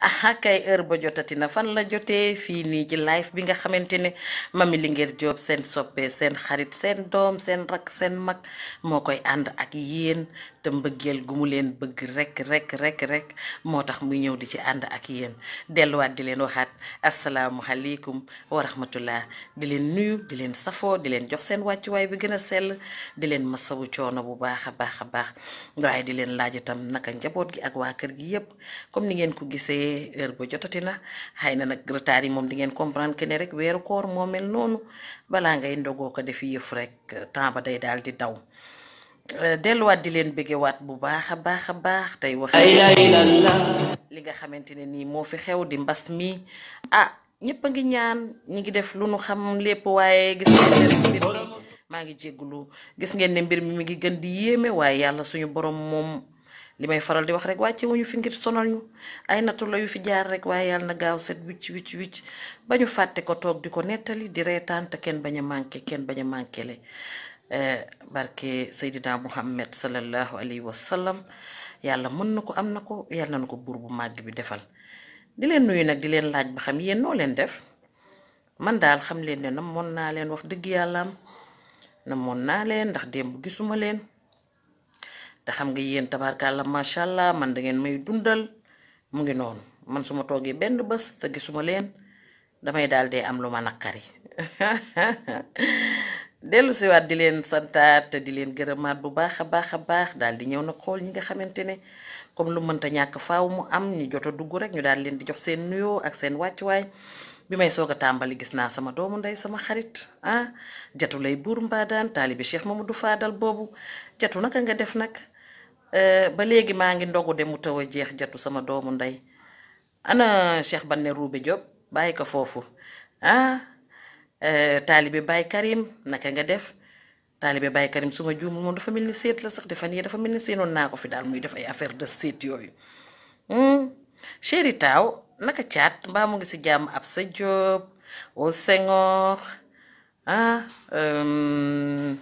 aha kay heure ba jotati na fan la jotee fii nii ci live bi nga xamante ne Mamy Linguère Diop seen soppee seen xarit seen doom seen rak seen mag moo koy ànd ak yéen te mbëggeel gu mu leen bëgg rek rek rek rek moo tax muy ñëw di ci ànd ak yéen delluwaat di leen waxaat asalaamualeykum wa rahmatullah di leen nuyu di leen safoo di leen jox seen wàccuwaay bi gën a sell di leen masawu coono bu baax a baax a baax waaye di leen laaj itam naka njaboot gi ak waa kër gi yépp ngeen ko gisee. heure ba jotati na xëy na nag retard yi moom di ngeen comprendre que ne rek weeru koor moo mel noonu balaa ngay ndogoo ko def yëf rek temps ba day daal di daw euh, delluwaat di leen bëggewaat bu baax a baax a baax tey wax li nga xamante ne nii moo fi xew di mbas mi ah ñëpp a ngi ñaan ñi ngi def lu nu xam lépp waaye gis ngeen ne mbir ngi jégglu mi ngi gën di yéeme waaye yàlla suñu borom moom li may faral di wax rek wàcce wuñu fi ngir sonal ñu ay nattu yu fi jaar rek waaye yàlla na gaaw set wicc wicc wicc ba ñu fàtte ko toog di ko nettali di reetaan te kenn bañ a manqué kenn bañ a manqué le eh, barke Seydina Muhammad sallallahu alayhi wa sallam yàlla mën na ko am na ko yàlla na ko buur bu màgg bi defal di leen nuyu nag di leen laaj ba xam yéen noo leen def man daal xam leen ne moon naa leen wax dëgg yàllaam namoon naa leen ndax démb gisuma leen. te xam nga yéen tabaarkàlla macha allah man da ngeen may dundal mu ngi noonu man su ma toogee benn bës te gisuma leen damay daal dee am lu ma naqari dellu siwaat di leen santaat te di leen gërëmaat bu baax a baax a baax daal di ñëw na xool ñi nga xamante ne comme lu mënta ñàkk faaw mu am ñu jot a dugg rek ñu daal leen di jox seen nuyoo ak seen wàccuwaay bi may soog a tàmbali gis naa sama doomu ndey sama xarit ah jatu lay buur mbaadaan taalibi Cheikh Mamadou Fadal boobu jatu naka nga def nag Euh, ba léegi maa ngi ndogu de mu taw a jeex jatu sama doomu ndey ana Cheikh Banne Roubé Diop bàyyi ko foofu ah euh, taalibe Baye Karim naka nga def taalibe Baye Karim su ma juumul moom dafa mel ni seet la sax de fan yii dafa mel ni seenoon naa ko fi daal muy def ay affaire de seet yooyu hmm, chéri taaw naka caat mbaa mu ngi si jàmm ab sa Diop au Senghor ah, euh,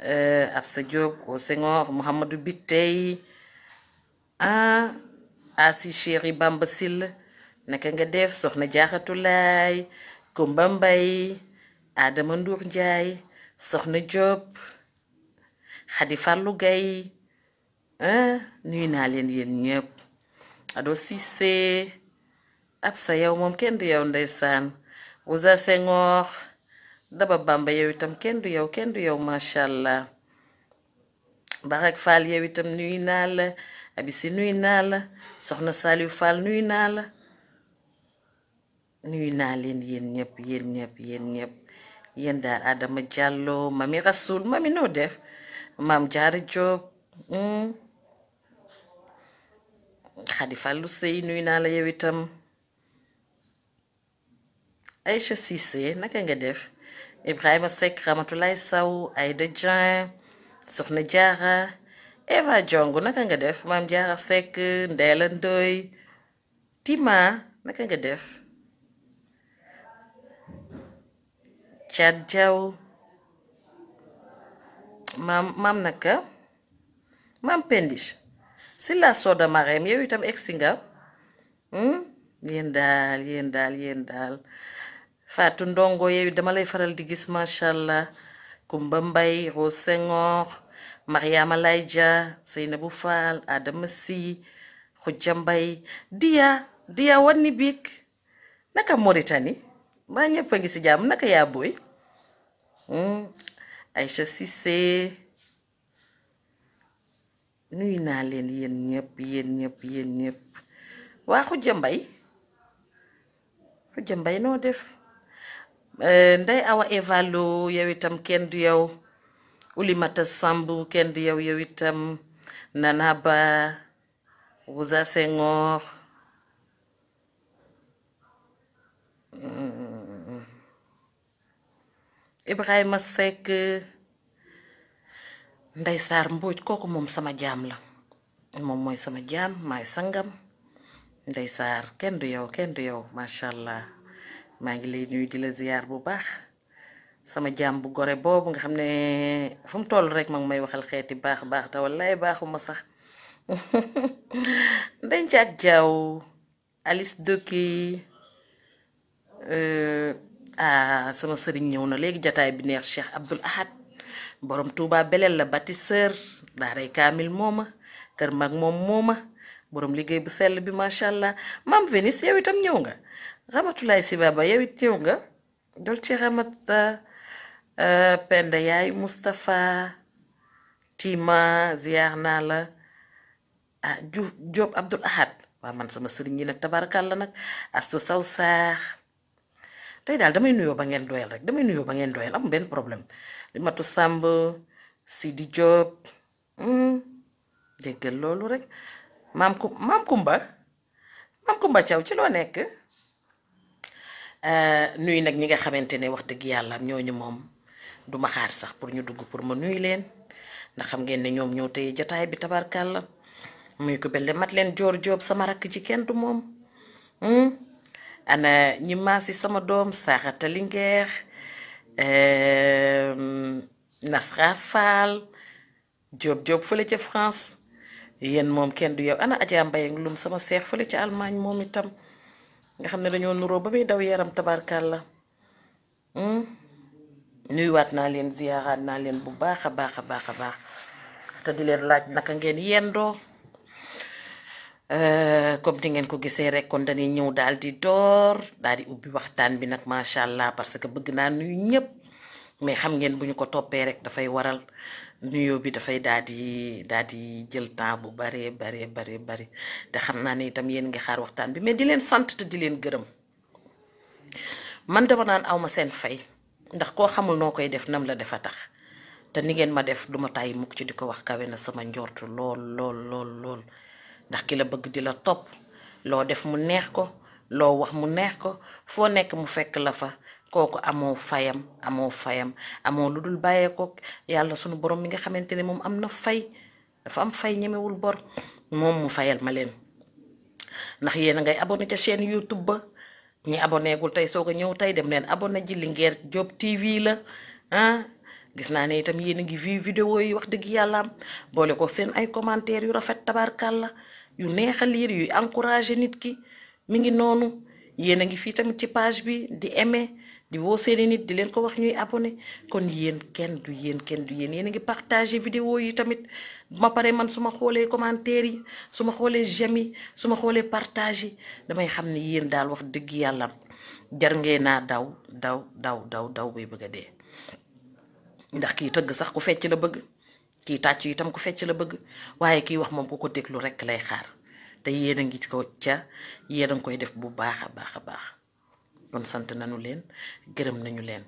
Eh, ab Absa Diop au Senghor Mouhamadou Bitey ah Asi Chéri Bamba Sill naka nga def soxna jaaxatulaay Kumba Mbay Adama Ndour Ndiaye soxna Diop Xadi Fàllu Gay ah, nuyu naa leen yéen ñëpp Ado Cissé Absa yow moom kenn du yow ndeysaan Ousa Senghor daba bàmba yow itam kenn du yow kenn du yow macha allah Barak Fall yow itam nuy naa la Abisi nuy naa la Soxna Saliou Fall nuy naa la nuy naa leen yéen ñëpp yéen ñëpp yéen ñëpp yéen daal Adama Diallo mami Rasoul mami noo def maam Jaara Joob Xadi hmm? Fallu sëy nuy naa la yow itam Aïcha Cissé naka nga def Ibrahima Seck Ramatoulaye Sow Aïda Dieng Soxna Diarra Eva Diongo naka nga def Maam Diarra Seck Ndella Ndoye Tima naka nga def Thiat Diaw maam naka maam Pendich si la sooda Marème yow itam egsi nga hmm? yéen daal yéen daal yéen daal faatu Ndongo yow dama lay faral di gis macha allah Kumba Mbay Rose Senghor Mariama Lay Dia Seynabou Fall Adama Sy Khoudia Mbay Dia Dia wanni biig naka Mauritanie maa ñëpp a ngi si jàmm naka yaa booy hmm? Aïcha Cissé nuyu naa leen yéen ñëpp yéen ñëpp yéen ñëpp waa Khoudia Mbay Khoudia Mbay noo def Eh, Ndeye Awa Eva Lo yow itam kenn du yow Oulimata Samb kenn du yow yow itam Nana Ba Ouza Senghor mm. Ibrahima Seck Ndey kooku moom sama jaam la moom mooy sama jaam maay sangam Ndey Saar kenn du yow kenn du yow macha allah. maa ngi lay nuyu di la ziyaar bu baax sama jaam bu gore boobu nga xam ne fu mu toll rek ma ngi may waxal xeeti baax baax te wallaay baaxuma sax ndenc ak jaaw Alice Doki euh, ah sama sëriñ ñëw na léegi jataay bi neex Cheikh Abdoul Ahad borom Touba belel la bâtisseur daaray kaamil mooma kër mag moom mooma borom liggéey bu sell bi macha allah maam Vénis yow itam ñëw nga. Ramatoulaye Sy Baba yow it ñëw nga dol ci ramat euh, penda yaay Moustapha Tima ziar naa la ah Diouf Diop Abdoul Ahad waa man sama sëriñ ñi nag tabarakal la nag astu saw saax tey daal damay nuyoo ba ngeen doyal rek damay nuyoo ba ngeen doyal am benn problème li matu sàmb Sidi Diop hmm, jéggal loolu rek maam ku maam kumba maam kumba caw ci loo nekk Euh, nuyu nag ñi nga xamante ne wax dëgg yàlla ñooñu moom du ma xaar sax pour ñu dugg pour ma nuyu leen ndax xam ngeen ne ñoom ñoo tey jataay bi la muy ko belle mat leen joor joob sama rakk ci kenn du moom hmm? ana ñi maasi sama doom saaxata lingeer euh, Nasra Fall Diop Diop fële ca France yéen moom kenn du yow ana Adja Mbaye Loum sama seex fële ci Allemagne moom itam nga xam ne dañoo nuroo ba muy daw yaram tabarkaal la hmm? nuyuwaat naa leen ziyaaraat naa leen bu baax a baax a baax a baax te di leen laaj naka ngeen yendoo euh, comme di ngeen ko gisee rek kon dañuy ñëw daal di door daal di ubbi waxtaan bi nag macha allah parce que bëgg naa nuyu ñëpp mais xam ngeen bu ñu ko toppee rek dafay waral nuyoo bi dafay daal di daal di jël temps bu baree baree baree bari te xam naa ne itam yéen ngi xaar waxtaan bi mais di leen sant te di leen gërëm man dama naan aw ma seen fay ndax koo xamul noo koy def nam la def a tax te ni ngeen ma def duma tàyyi mukk ci di ko wax kawe na sama njortu lool lool lool lool ndax ki la bëgg di la topp loo def mu neex ko loo wax mu neex ko foo nekk mu fekk la fa kooku amoo fayam amoo fayam amoo lu dul bàyyeekoo yàlla sunu borom mi nga xamante ne moom am na fay dafa am fay ñemewul bor moom mu fayal ma leen ndax yéen a ngay abonné ca chaîne YouTube ba ñi aboneegul tey soog a ñëw tey dem leen abonné ji Linguère Diop TV la ah gis naa ne itam yéen a ngi vu vidéo yi wax dëgg yàllaam boole ko seen ay commentaires yu rafet tabarkàlla yu neex a yu yuy nit ki mu ngi noonu yéen a ngi fii tamit ci page bi di aimer. di woo seeni nit di leen ko wax ñuy abonné kon yéen kenn du yéen kenn du yéen a ngi partagé video yi tamit ma pare man su ma xoolee commentaire yi su ma xoolee j'aime yi su ma xoolee partage yi damay xam ne yéen daal wax dëgg yàlla jar ngeen naa daw daw daw daw daw bay bëgg a dee ndax kii tëgg sax ku fecc la bëgg kii tàcc yi itam ku fecc la bëgg waaye kii wax moom ku ko déglu rekk lay xaar te yéen a ngi ko ca yéen a ngi koy def bu baax a baax a baax kon sant nañu leen gërëm nañu leen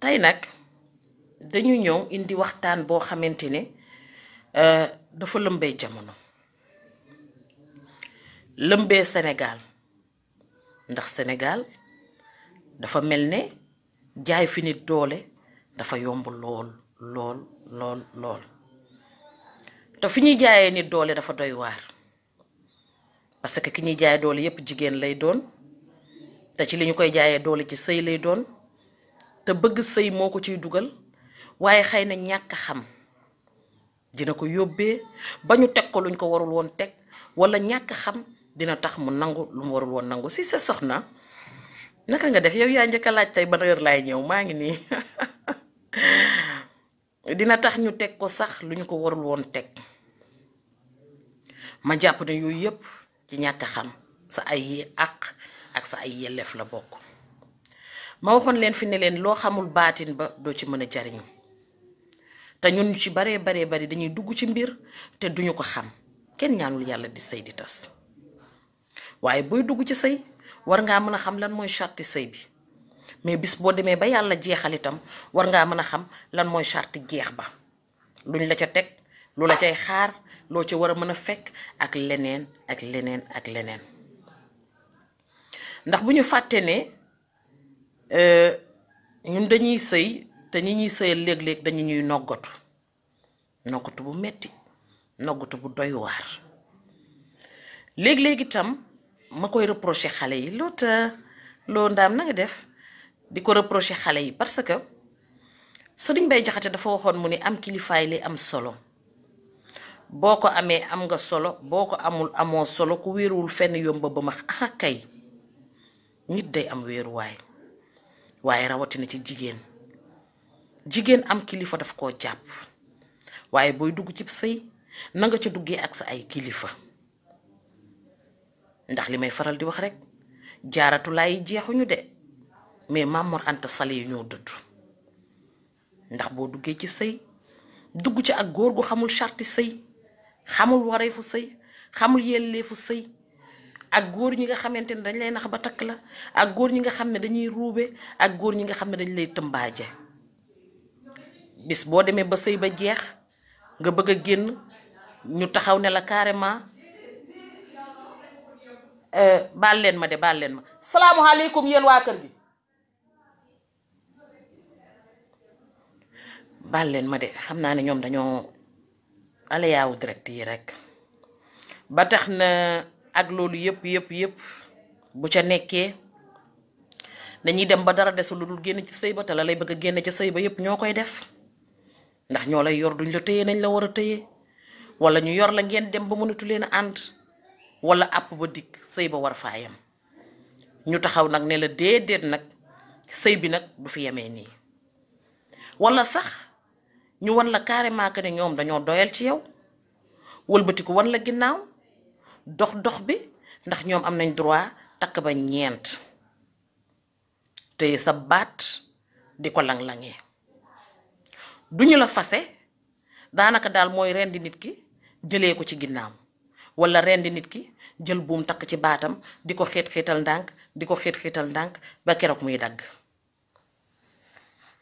tey nag dañu ñëw indi waxtaan boo xamante ne euh, dafa lëmbee jamono lëmbee senegal ndax senegal dafa mel ne jaay fi nit doole dafa yomb lool lool lool lool te fi ñuy jaayee nit doole dafa doy waar parce que ki ñuy jaay doole yépp jigéen lay doon te ci li ñu koy jaayee doole ci sëy lay doon te bëgg sëy moo ko ciy dugal waaye xëy na ñàkk xam dina ko yóbbee ba ñu teg ko luñ ko warul woon teg wala ñàkk xam dina tax mu nangu lu mu warul woon nangu si sa soxna naka nga def yow yaa njëkk a laaj tey ba heure laay ñëw maa ngi nii dina tax ñu teg ko sax lu ñu ko warul woon teg ma jàpp ne yooyu yëpp ci ñàkk xam sa ay yi àq ak sa ay yelleef la bokk ma waxoon leen fi ne leen loo xamul baatin ba doo ci mën a jariñu te ñu ci baree baree bari dañuy dugg ci mbir te duñu ko xam kenn ñaanul yàlla di sëy di tas waaye booy dugg ci sëy war ngaa mën a xam lan mooy charte sëy bi mais bis boo demee ba yàlla jeexal itam war ngaa mën a xam lan mooy charte jeex ba luñ la ca teg lu la cay xaar loo ca war a mën a fekk ak leneen ak leneen ak leneen ndax bu ñu fàttee ne euh, ñun dañuy sëy te ñi ñuy sëyal léeg-léeg dañu ñuy noggatu noggatu bu metti noggatu bu doy waar léeg-léeg itam ma koy reproché xale yi loo ta loo ndaam na def di ko reproché xale yi parce que Sëriñ Bay Jaxate dafa waxoon mu ni am kilifaay li am solo boo ko amee am nga solo boo ko amul amoo solo ku wéeruwul fenn yomba ba ma ah kay nit day am wéeruwaay waaye rawatina ci jigéen jigéen am kilifa daf koo jàpp waaye booy dugg ci sëy na nga ca duggee ak sa ay kilifa ndax li may faral di wax rek jaaratulaay yi jeexuñu de mais Mamor Anta Sali yi ñoo dëdd ndax boo duggee ci sëy dugg ci ak góor gu xamul charti sëy xamul wareefu sëy xamul yelleefu sëy ak góor ñi nga xamante ne dañ lay nax ba takk la ak góor ñi nga xam ne dañuy ruube ak góor ñi nga xam ne dañ lay tëmbaaje bis boo demee ba sëy ba jeex nga bëgg a génn ñu taxaw ne la carrément euh, baal leen ma de baal leen ma salaamualeykum yéen waa kër gi baal leen ma de xam naa ne ñoom dañoo alayaawu direct yi rekk ba tax na ak loolu yëpp yëpp yëpp bu ca nekkee dañuy dem ba dara desul lu dul génn ci sëy ba te la lay bëgg a génn ca sëy ba yëpp ñoo koy def ndax ñoo lay yor duñ la téye nañ la war a tëye wala ñu yor la ngeen dem ba mënatu leen a ànd wala àpp ba dikk sëy ba war faa yem ñu taxaw nag ne la déedéet nag sëy bi nag du fi yemee nii wala sax ñu wan la carrément que ne ñoom dañoo doyal ci yow wëlbatiku wan la ginnaaw. dox dox bi ndax ñoom am nañ droit takk ba ñeent téye sa baat di ko lang-langee duñu la fase daanaka daal mooy rendi nit ki jëlee ko ci ginnaaw wala rendi nit ki jël buum takk ci baatam di ko xeet xeetal ndànk di ko xiit xeetal ndànk ba keroog muy dagg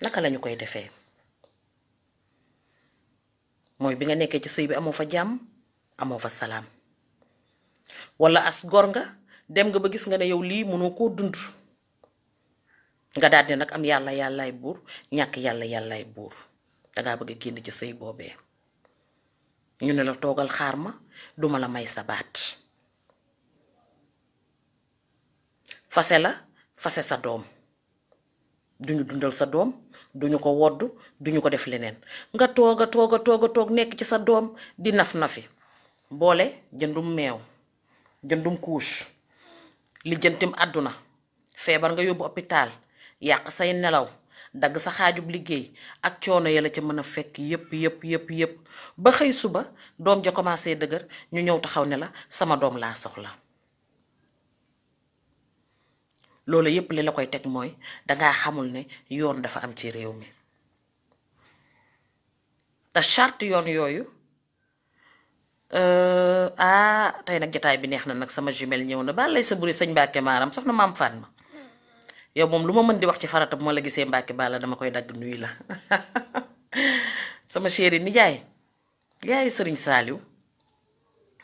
naka lañu koy defee mooy bi nga nekkee ci sëy bi amoo fa jàmm amoo fa salaam wala as gor nga dem nga ba gis nga ne yow lii mënoo koo dund nga daal di nag am yàlla yàllaay buur ñàkk yàlla yàllaay buur dangaa bëgg a génn ci sëy boobee ñu ne la toogal xaar ma duma la may sa baat fase la fase sa doom duñu dundal sa doom duñu ko wodd duñu ko def leneen nga tooga tooga tooga toog nekk ci sa doom di naf nafi boole jëndum meew jëndum couche lijjantim àdduna feebar nga yóbbu hôpital yàq say nelaw dagg sa xaajub liggéey ak coono ya la ci mën a fekk yëpp yëpp yëpp yépp ba xëy suba doom ja commencé dëgër ñu ñëw taxaw ne la sama doom laa soxla loolu yépp li la koy teg mooy dangaa xamul ne yoon dafa am ci réew mi te charte yoon yooyu Euh, ah tey nag jotaay bi neex na nag sama jumelle ñëw na baal lay sa buri sëñ Mbacke maaram soxna maam Fane ma yow moom lu ma mën di wax ci farata bu ma la gisee Mbacke Balla dama koy dagg nuyu la sama chéri nijaay yaayu sëriñ Saaliw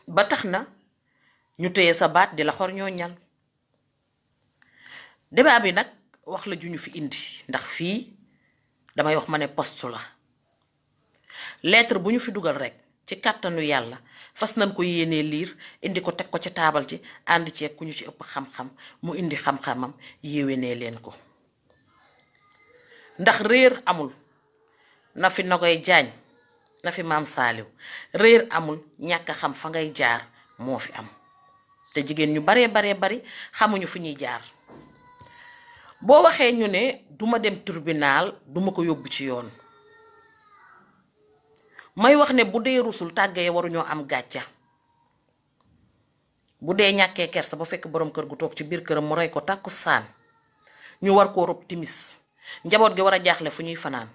ba tax na ñu téye sa baat di la xor ñoo ñal débat bi nag wax la ju ñu fi indi ndax fii damay wax ma ne poste la lettre bu ñu fi dugal rek. ci kàttanu yàlla fas nañ ko yéenee liir indi ko teg ko ci taabal ji ànd ceeg ku ñu ci ëpp xam-xam mu indi xam-xamam ne leen ko ndax réer amul na fi Nogaye Diagne na fi maam saaliw réer amul ñàkk xam fa ngay jaar moo fi am te jigéen ñu baree baree bari xamuñu fu ñuy jaar boo waxee ñu ne duma dem tribunal duma ko yóbbu ci yoon may wax ne bu dee rusul tàggee waruñoo am gàcca bu dee ñàkkee kersa ba fekk boroom kër gu toog ci biir këram mu rey ko tàkku saan ñu war koo rob timis njaboot gi war a jaaxle fu ñuy fanaan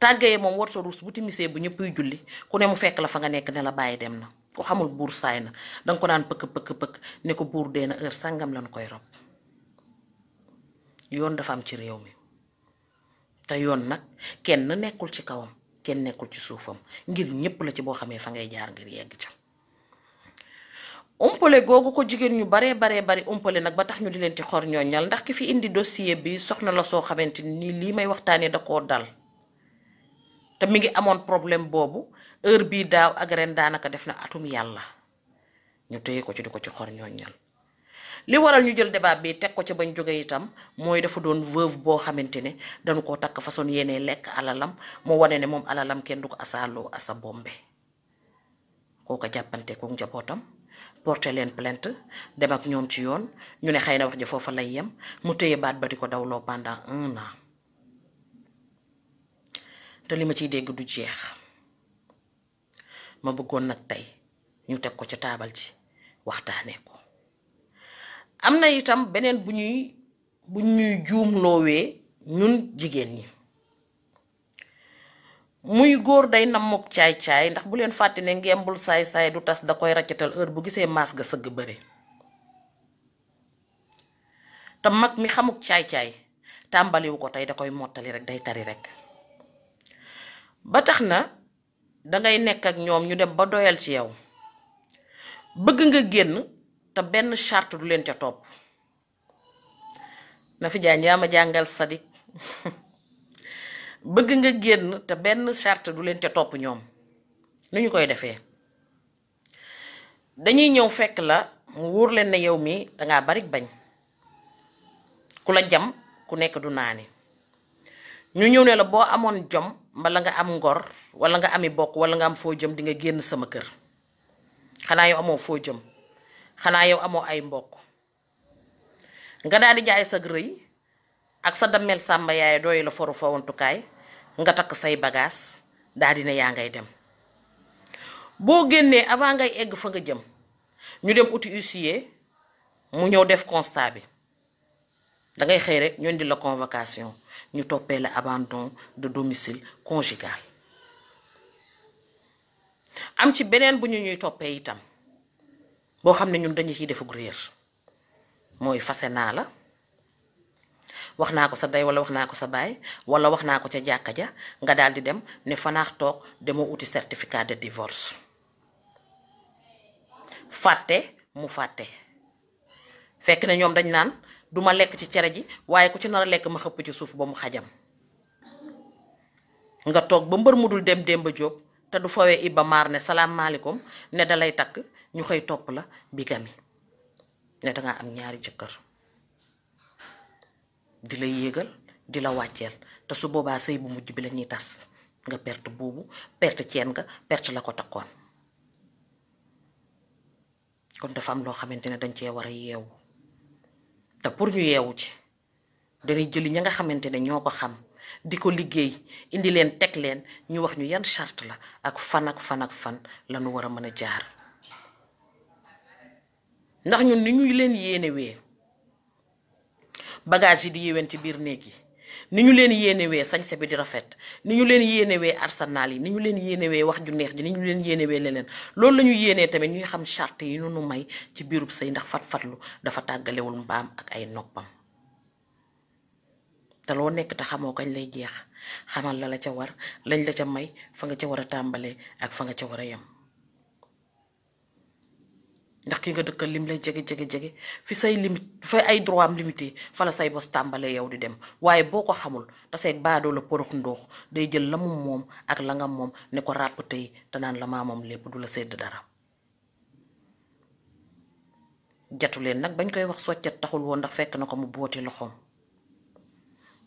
tàggee moom war sa ruus bu timisee bu ñëppuy julli ku ne mu fekk la fa nga nekk ne la bàyyi dem na ku xamul buur saay na danga ko naan pëkk pëkk pëkk ne ko buur dee na heure sàngam lañ koy rob yoon dafa am ci réew mi te yoon nag kenn nekkul ci kawam kenn nekkul ci suufam ngir ñépp la ci boo xamee fa ngay jaar ngir yegg ca umpale googu ko jigéen ñu baree baree bari umpale nag ba tax ñu di leen ci xor ñooñal ndax ki fi indi dossier bi soxna la soo xamante ni lii may waxtaanee da koo dal te mi ngi amoon problème boobu heure bii daaw ak ren daanaka def na atum yàlla ñu téye ko ci di ko ci xor ñooñal li waral ñu jël débat bi teg ko ci bañ jógee itam mooy dafa doon veuve boo xamante ne dañu koo takk façon yenee lekk alalam moo wane ne moom alalam kenn du ko asaaloo asa bombe kooka jàppante ko njabootam porté leen plainte dem ak ñoom ci yoon ñu ne xëy na wax ji foofa lay yem mu téye baat ba di ko dawloo pendant un an te li ma ciy dégg du jeex ma bëggoon nag tey ñu teg ko ci taabal ji waxtaanee ko. am na itam beneen bu ñuy bu ñuy juum loowee ñun jigéen ñi muy góor day nammuk caay-caay ndax bu leen fàtte ngembul saay-saay du tas da koy raccatal heure bu gisee maas ga sëgg bëre te mag mi xamuk caay-caay tàmbaliwu ko tey da koy mottali rek day tari rek ba tax na dangay nekk ak ñoom ñu dem ba doyal ci yow bëgg nga génn te benn charte du leen ca topp na fi jaan yaa ma jàngal sadik bëgg nga génn te benn charte du leen ca topp ñoom nu ñu koy defee dañuy ñëw fekk la mu wóor leen ne yow mi dangaa bari bañ ku la jam ku nekk du naani ñu ñëw ne la boo amoon jom bala nga am ngor wala nga ami bokk wala nga am foo jëm di nga génn sama kër xanaa yow amoo foo jëm xanaa yow amoo ay mbokk nga daal di jaay sa rëy ak sa dammel sàmba yaay dooy la foru fawantukaay nga takk say bagaas daal di ne yaa ngay dem boo génnee avant ngay egg fa nga jëm ñu dem uti huissier mu ñëw def constat bi dangay xëy rek ñoon di la convocation ñu toppee la abandon de domicile conjugal am ci beneen bu ñu ñuy toppee itam boo xam ne ñun dañu ciy defug réer mooy fase naa la wax naa ko sa day wala wax naa ko sa baay wala wax naa ko ca jàkka ja nga daal di dem ne fanaax toog demoo uti certificat de divorce fàtte mu fàtte fekk ne ñoom dañ naan duma lekk ci cere ji waaye ku ci nar a lekk ma xëpp ci suuf ba mu xajam nga toog ba mbër mu dul dem Demba Jóob te du fawee Iba Maar ne salaamaaleykum ne dalay takk ñu xëy topp la bigamie ne dangaa am ñaari jëkkër di la yéegal di la wàcceel te su boobaa sëy bu mujj bi la ñuy tas nga perte buubu perte ceen nga perte la ko takkoon kon dafa am loo xamante ne dañ cee war a yeewu te pour ñu yeewu ci dañuy jëli ña nga xamante ne ñoo ko xam di ko liggéey indi leen teg leen ñu wax ñu yan chart la ak fan ak fan ak fan la war a mën a jaar. ndax ñu ni ñuy leen yéenewee bagage yi di yéwén ci biir néeg yi ni ñu leen yéenewee sañse bi di rafet ni ñu leen yéenewee arsenal yi ni ñu leen yéenewee wax ju neex ji ni ñu leen yéenewee leneen loolu la ñu yéenee tamit ñuy xam charte yi nu nu may ci biirub sëy ndax fat-fatlu dafa tàggalewul mbaam ak ay noppam te loo nekk te xamoo kañ lay jeex xamal la la ca war lañ la ca may fa nga ca war a tàmbalee ak fa nga ca war a yem ndax ki nga dëkkal lim lay jege jege jege fi say limite fi ay droit am limité fa la say bos tàmbalee yow di dem waaye boo ko xamul te seeg baadoo la porox ndóox day jël la mu moom ak la nga moom ne ko ràpp tey te naan la maa moom lépp du la sedd dara. jatu nag bañ koy wax soccet taxul woon ndax fekk na ko mu booti loxoom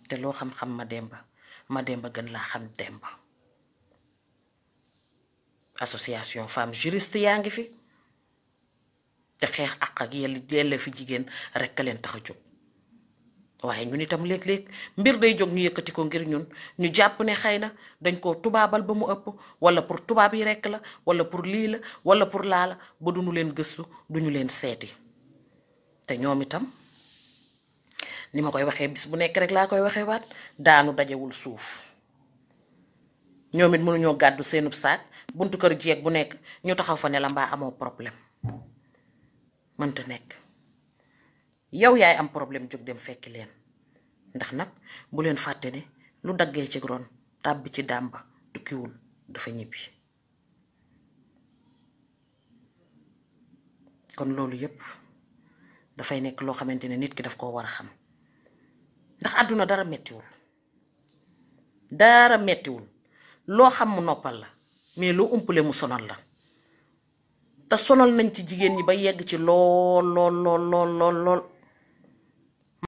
te loo xam-xam ma demba ma demba gën laa xam demba association femme juriste yaa ngi fi. te xeex àq ak yelli yelle fi jigéen rek ka leen tax a jóg waaye ñun itam léeg-léeg mbir day jóg ñu yëkkati ko ngir ñun ñu jàpp ne xëy na dañ koo tubaabal ba mu ëpp wala pour tubaab yi rekk la wala pour lii la wala pour laa la ba duñu leen gëstu duñu leen seeti te ñoom itam ni ma koy waxee bis bu nekk rek laa koy waxee waat daanu dajewul suuf ñoom it mënuñoo gàddu seenub saak buntu kër jeeg bu nekk ñu taxaw fa ne la mbaa amoo problème mënta nekk yow yaay am problème jóg dem fekki leen ndax nag bu leen fàtte ne lu daggee ci ron tàbbi ci dàmba tukkiwul dafa ñibbi kon loolu yépp dafay nekk loo xamante ne nit ki daf koo war a xam ndax àdduna dara mettiwul dara mettiwul loo xam mu noppal la mais loo umpale mu sonal la te sonal nañ ci jigéen ñi ba yegg ci lool lool lool lool lool lool